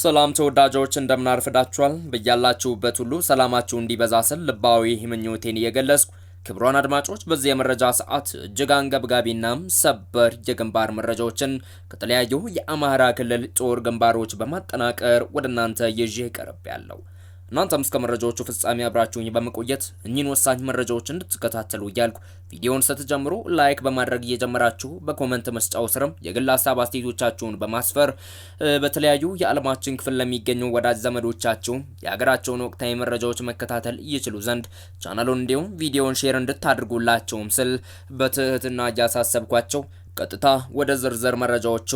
ሰላም ተወዳጆች እንደምናርፍዳችኋል። በያላችሁበት ሁሉ ሰላማችሁ እንዲበዛ ስል ልባዊ ምኞቴን እየገለጽኩ ክቡራን አድማጮች በዚህ የመረጃ ሰዓት እጅግ አንገብጋቢና ሰበር የግንባር መረጃዎችን ከተለያዩ የአማራ ክልል ጦር ግንባሮች በማጠናቀር ወደ እናንተ ይዤ ቀርብ ያለው እናንተም እስከ መረጃዎቹ ፍጻሜ አብራችሁኝ በመቆየት እኚህን ወሳኝ መረጃዎች እንድትከታተሉ እያልኩ ቪዲዮውን ስትጀምሩ ላይክ በማድረግ እየጀመራችሁ በኮመንት መስጫው ስርም የግል ሀሳብ አስተያየቶቻችሁን በማስፈር በተለያዩ የዓለማችን ክፍል ለሚገኙ ወዳጅ ዘመዶቻችሁ የሀገራቸውን ወቅታዊ መረጃዎች መከታተል ይችሉ ዘንድ ቻናሉን እንዲሁም ቪዲዮውን ሼር እንድታድርጉላቸውም ስል በትህትና እያሳሰብኳቸው ቀጥታ ወደ ዝርዝር መረጃዎቹ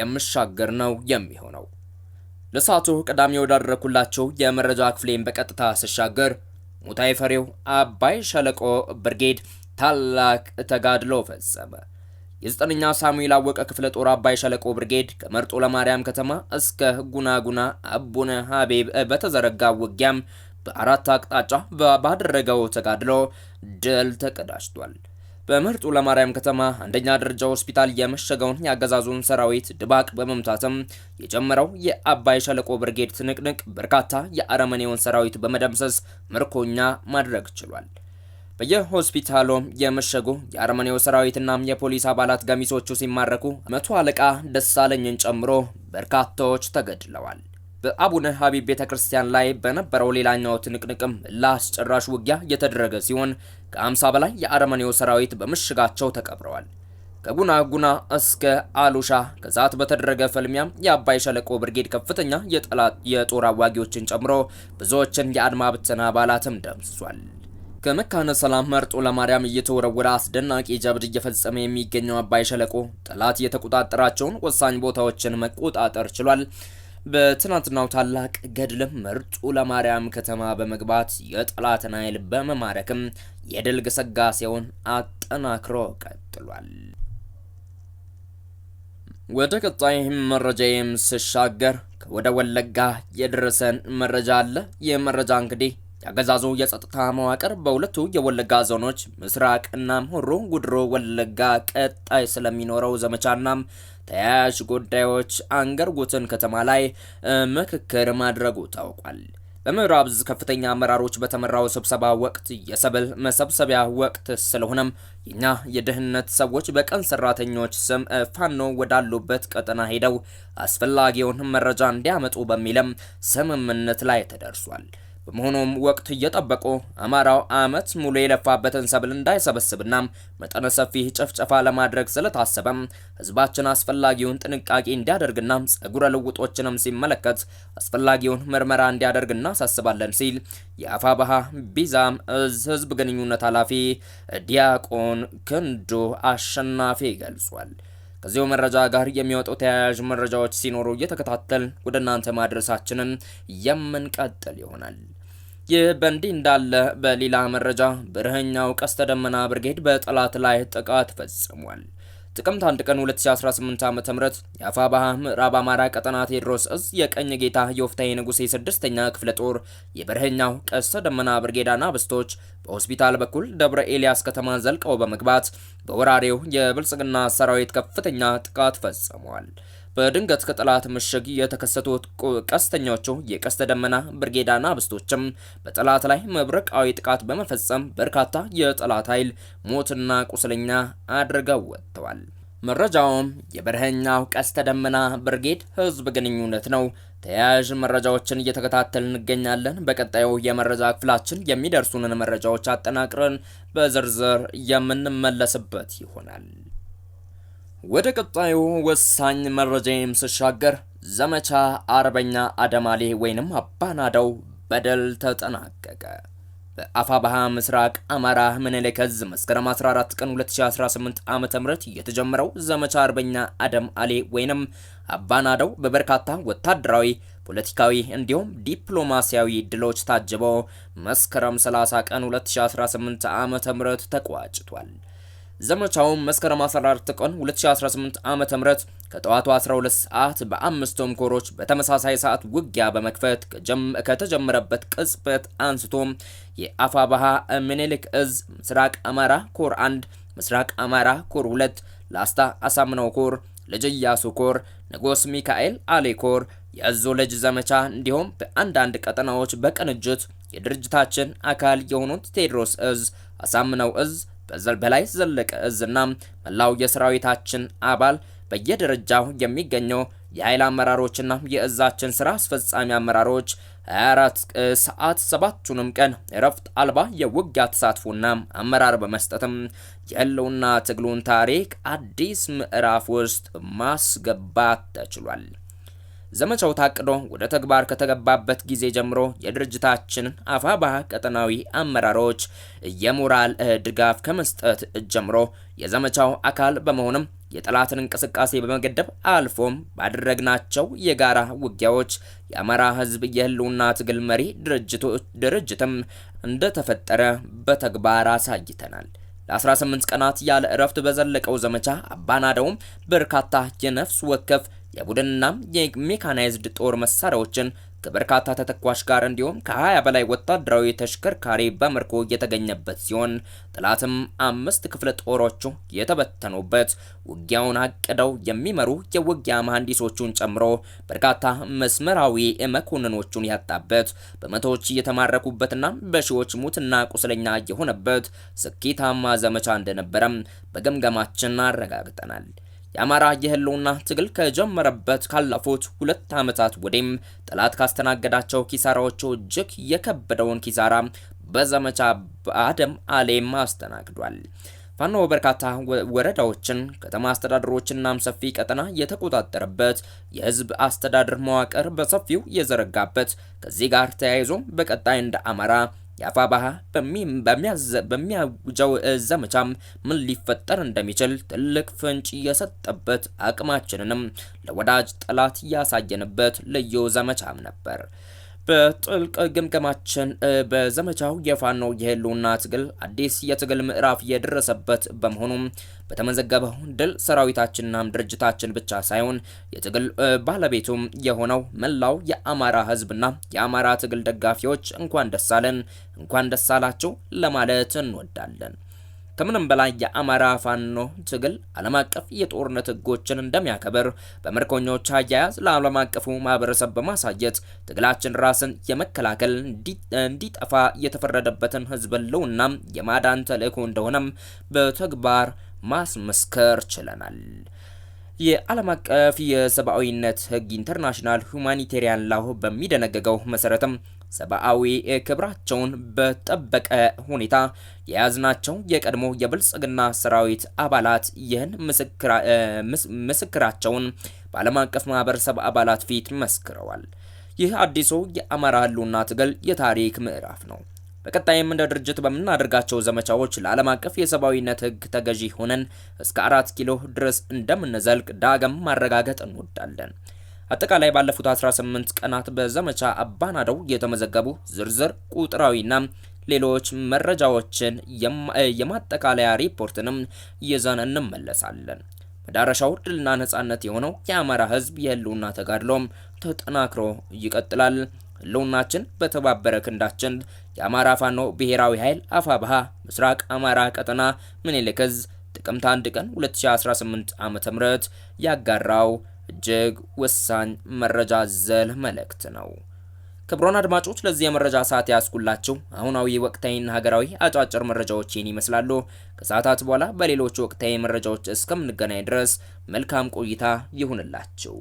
የምሻገር ነው የሚሆነው። ለሰዓቱ ቀዳሚ ወዳደረኩላቸው የመረጃ ክፍሌን በቀጥታ ስሻገር ሙታይ ፈሬው አባይ ሸለቆ ብርጌድ ታላቅ ተጋድሎ ፈጸመ። የዘጠነኛ ሳሙኤል አወቀ ክፍለ ጦር አባይ ሸለቆ ብርጌድ ከመርጦ ለማርያም ከተማ እስከ ጉናጉና አቡነ ሀቤብ በተዘረጋ ውጊያም በአራት አቅጣጫ ባደረገው ተጋድሎ ድል ተቀዳጅቷል። በምርጡ ለማርያም ከተማ አንደኛ ደረጃ ሆስፒታል የመሸገውን የአገዛዙን ሰራዊት ድባቅ በመምታትም የጀመረው የአባይ ሸለቆ ብርጌድ ትንቅንቅ በርካታ የአረመኔውን ሰራዊት በመደምሰስ ምርኮኛ ማድረግ ችሏል። በየሆስፒታሉም የመሸጉ የአረመኔው ሰራዊትና የፖሊስ አባላት ገሚሶቹ ሲማረኩ መቶ አለቃ ደሳለኝን ጨምሮ በርካታዎች ተገድለዋል። በአቡነ ሀቢብ ቤተ ክርስቲያን ላይ በነበረው ሌላኛው ትንቅንቅም ለአስጨራሽ ውጊያ የተደረገ ሲሆን ከ50 በላይ የአረመኔው ሰራዊት በምሽጋቸው ተቀብረዋል። ከጉና ጉና እስከ አሉሻ ከዛት በተደረገ ፈልሚያም የአባይ ሸለቆ ብርጌድ ከፍተኛ የጦር አዋጊዎችን ጨምሮ ብዙዎችን የአድማ ብተና አባላትም ደምስሷል። ከመካነ ሰላም መርጦ ለማርያም እየተወረወረ አስደናቂ ጀብድ እየፈጸመ የሚገኘው አባይ ሸለቆ ጠላት የተቆጣጠራቸውን ወሳኝ ቦታዎችን መቆጣጠር ችሏል። በትናንትናው ታላቅ ገድልም ምርጡ ለማርያም ከተማ በመግባት የጠላትን ኃይል በመማረክም የድል ግስጋሴውን አጠናክሮ ቀጥሏል። ወደ መረጃ መረጃዬም ስሻገር ወደ ወለጋ የደረሰን መረጃ አለ። ይህ መረጃ እንግዲህ ያገዛዙ የጸጥታ መዋቅር በሁለቱ የወለጋ ዞኖች ምስራቅ እናም ሆሮ ጉድሮ ወለጋ ቀጣይ ስለሚኖረው ዘመቻና ተያያዥ ጉዳዮች አንገርጉትን ከተማ ላይ ምክክር ማድረጉ ታውቋል። በምዕራብ ከፍተኛ አመራሮች በተመራው ስብሰባ ወቅት የሰብል መሰብሰቢያ ወቅት ስለሆነም የኛ የደህንነት ሰዎች በቀን ሰራተኞች ስም ፋኖ ወዳሉበት ቀጠና ሄደው አስፈላጊውን መረጃ እንዲያመጡ በሚልም ስምምነት ላይ ተደርሷል። በመሆኑም ወቅት እየጠበቁ አማራው አመት ሙሉ የለፋበትን ሰብል እንዳይሰበስብና መጠነ ሰፊ ጭፍጨፋ ለማድረግ ስለታሰበም ህዝባችን አስፈላጊውን ጥንቃቄ እንዲያደርግና ጸጉረ ልውጦችንም ሲመለከት አስፈላጊውን ምርመራ እንዲያደርግ እናሳስባለን ሲል የአፋባሃ ቢዛም እዝ ህዝብ ግንኙነት ኃላፊ ዲያቆን ክንዱ አሸናፊ ገልጿል። ከዚሁ መረጃ ጋር የሚወጡ ተያያዥ መረጃዎች ሲኖሩ እየተከታተል ወደ እናንተ ማድረሳችንን የምንቀጥል ይሆናል። ይህ በእንዲህ እንዳለ በሌላ መረጃ ብርህኛው ቀስተ ደመና ብርጌድ በጠላት ላይ ጥቃት ፈጽሟል። ጥቅምት 1 ቀን 2018 ዓ.ም የአፋ ባህ ምዕራብ አማራ ቀጠና ቴዎድሮስ እዝ የቀኝ ጌታ የወፍታዬ ንጉሴ ስድስተኛ ክፍለ ጦር የበረሀኛው ቀስተ ደመና ብርጌዳና ብስቶች በሆስፒታል በኩል ደብረ ኤልያስ ከተማ ዘልቀው በመግባት በወራሪው የብልጽግና ሰራዊት ከፍተኛ ጥቃት ፈጽሟል። በድንገት ከጠላት ምሽግ የተከሰቱት ቀስተኞቹ የቀስተ ደመና ብርጌዳና አብስቶችም በጠላት ላይ መብረቃዊ ጥቃት በመፈጸም በርካታ የጠላት ኃይል ሞትና ቁስለኛ አድርገው ወጥተዋል። መረጃውም የበረሀኛው ቀስተ ደመና ብርጌድ ህዝብ ግንኙነት ነው። ተያያዥ መረጃዎችን እየተከታተል እንገኛለን። በቀጣዩ የመረጃ ክፍላችን የሚደርሱንን መረጃዎች አጠናቅረን በዝርዝር የምንመለስበት ይሆናል። ወደ ቀጣዩ ወሳኝ መረጃም ስሻገር ዘመቻ አርበኛ አደማሌ ወይንም አባናዳው በደል ተጠናቀቀ። በአፋባሃ ምስራቅ አማራ ምኒልክ ዕዝ መስከረም 14 ቀን 2018 ዓ ም የተጀመረው ዘመቻ አርበኛ አደም አሌ ወይንም አባናዳው በበርካታ ወታደራዊ፣ ፖለቲካዊ እንዲሁም ዲፕሎማሲያዊ ድሎች ታጅቦ መስከረም 30 ቀን 2018 ዓ ም ተቋጭቷል። ዘመቻውም መስከረም 14 ቀን 2018 ዓ.ም ከጠዋቱ 12 ሰዓት በአምስቱም ኮሮች በተመሳሳይ ሰዓት ውጊያ በመክፈት ከተጀመረበት ቅጽበት አንስቶ የአፋባሃ ምኒልክ እዝ ምስራቅ አማራ ኮር 1፣ ምስራቅ አማራ ኮር 2፣ ላስታ አሳምነው ኮር፣ ለጀያሱ ኮር፣ ንጉስ ሚካኤል አሌ ኮር፣ የእዙ ልጅ ዘመቻ እንዲሁም በአንዳንድ ቀጠናዎች በቅንጅት የድርጅታችን አካል የሆኑት ቴዎድሮስ እዝ፣ አሳምነው እዝ በላይ ዘለቀ እዝና መላው የሰራዊታችን አባል በየደረጃው የሚገኘው የኃይል አመራሮችና የእዛችን ስራ አስፈጻሚ አመራሮች 24 ሰዓት ሰባቱንም ቀን እረፍት አልባ የውጊያ ተሳትፎና አመራር በመስጠትም የህልውና ትግሉን ታሪክ አዲስ ምዕራፍ ውስጥ ማስገባት ተችሏል። ዘመቻው ታቅዶ ወደ ተግባር ከተገባበት ጊዜ ጀምሮ የድርጅታችን አፋባ ቀጠናዊ አመራሮች የሞራል ድጋፍ ከመስጠት ጀምሮ የዘመቻው አካል በመሆንም የጠላትን እንቅስቃሴ በመገደብ አልፎም ባደረግናቸው የጋራ ውጊያዎች የአማራ ሕዝብ የህልውና ትግል መሪ ድርጅትም እንደተፈጠረ በተግባር አሳይተናል። ለ18 ቀናት ያለ እረፍት በዘለቀው ዘመቻ አባናደውም በርካታ የነፍስ ወከፍ የቡድንና የሜካናይዝድ ጦር መሳሪያዎችን ከበርካታ ተተኳሽ ጋር እንዲሁም ከ20 በላይ ወታደራዊ ተሽከርካሪ በምርኮ የተገኘበት ሲሆን ጥላትም አምስት ክፍለ ጦሮቹ የተበተኑበት ውጊያውን አቅደው የሚመሩ የውጊያ መሐንዲሶቹን ጨምሮ በርካታ መስመራዊ መኮንኖቹን ያጣበት በመቶዎች እየተማረኩበትና በሺዎች ሙትና ቁስለኛ የሆነበት ስኬታማ ዘመቻ እንደነበረም በገምገማችን አረጋግጠናል። የአማራ የህልውና ትግል ከጀመረበት ካለፉት ሁለት ዓመታት ወዲህም ጠላት ካስተናገዳቸው ኪሳራዎቹ እጅግ የከበደውን ኪሳራ በዘመቻ በአደም አሌም አስተናግዷል። ፋኖ በርካታ ወረዳዎችን፣ ከተማ አስተዳደሮችና ሰፊ ቀጠና የተቆጣጠረበት የህዝብ አስተዳደር መዋቅር በሰፊው የዘረጋበት ከዚህ ጋር ተያይዞ በቀጣይ እንደ አማራ የአፋባሃ በሚያውጃው ዘመቻም ምን ሊፈጠር እንደሚችል ትልቅ ፍንጭ የሰጠበት አቅማችንንም ለወዳጅ ጠላት ያሳየንበት ልዩ ዘመቻም ነበር። በጥልቅ ግምገማችን በዘመቻው የፋኖ የህልውና ትግል አዲስ የትግል ምዕራፍ የደረሰበት በመሆኑም በተመዘገበው ድል ሰራዊታችንናም ድርጅታችን ብቻ ሳይሆን የትግል ባለቤቱም የሆነው መላው የአማራ ህዝብና የአማራ ትግል ደጋፊዎች እንኳን ደሳለን እንኳን ደሳላችሁ ለማለት እንወዳለን። ከምንም በላይ የአማራ ፋኖ ትግል ዓለም አቀፍ የጦርነት ህጎችን እንደሚያከብር በምርኮኞች አያያዝ ለዓለም አቀፉ ማህበረሰብ በማሳየት ትግላችን ራስን የመከላከል እንዲጠፋ የተፈረደበትን ህዝብ ህልውና የማዳን ተልእኮ እንደሆነም በተግባር ማስመስከር ችለናል። የዓለም አቀፍ የሰብአዊነት ህግ ኢንተርናሽናል ሁማኒቴሪያን ላሁ በሚደነገገው መሰረትም ሰብአዊ ክብራቸውን በጠበቀ ሁኔታ የያዝናቸው የቀድሞ የብልጽግና ሰራዊት አባላት ይህን ምስክራቸውን በዓለም አቀፍ ማህበረሰብ አባላት ፊት መስክረዋል። ይህ አዲሱ የአማራ ህልውና ትግል የታሪክ ምዕራፍ ነው። በቀጣይም እንደ ድርጅት በምናደርጋቸው ዘመቻዎች ለዓለም አቀፍ የሰብአዊነት ህግ ተገዢ ሆነን እስከ አራት ኪሎ ድረስ እንደምንዘልቅ ዳግም ማረጋገጥ እንወዳለን። አጠቃላይ ባለፉት 18 ቀናት በዘመቻ አባናደው የተመዘገቡ ዝርዝር ቁጥራዊና ሌሎች መረጃዎችን የማጠቃለያ ሪፖርትንም ይዘን እንመለሳለን። መዳረሻው ድልና ነጻነት የሆነው የአማራ ሕዝብ የህልውና ተጋድሎም ተጠናክሮ ይቀጥላል። ህልውናችን በተባበረ ክንዳችን። የአማራ ፋኖ ብሔራዊ ኃይል አፋብሃ ምስራቅ አማራ ቀጠና ምኒልክ ዕዝ ጥቅምት 1 ቀን 2018 ዓ.ም ያጋራው እጅግ ወሳኝ መረጃ ዘል መልእክት ነው። ክቡራን አድማጮች ለዚህ የመረጃ ሰዓት ያስኩላችሁ አሁናዊ ወቅታዊና ሀገራዊ አጫጭር መረጃዎች ይህን ይመስላሉ። ከሰዓታት በኋላ በሌሎች ወቅታዊ መረጃዎች እስከምንገናኝ ድረስ መልካም ቆይታ ይሁንላችሁ።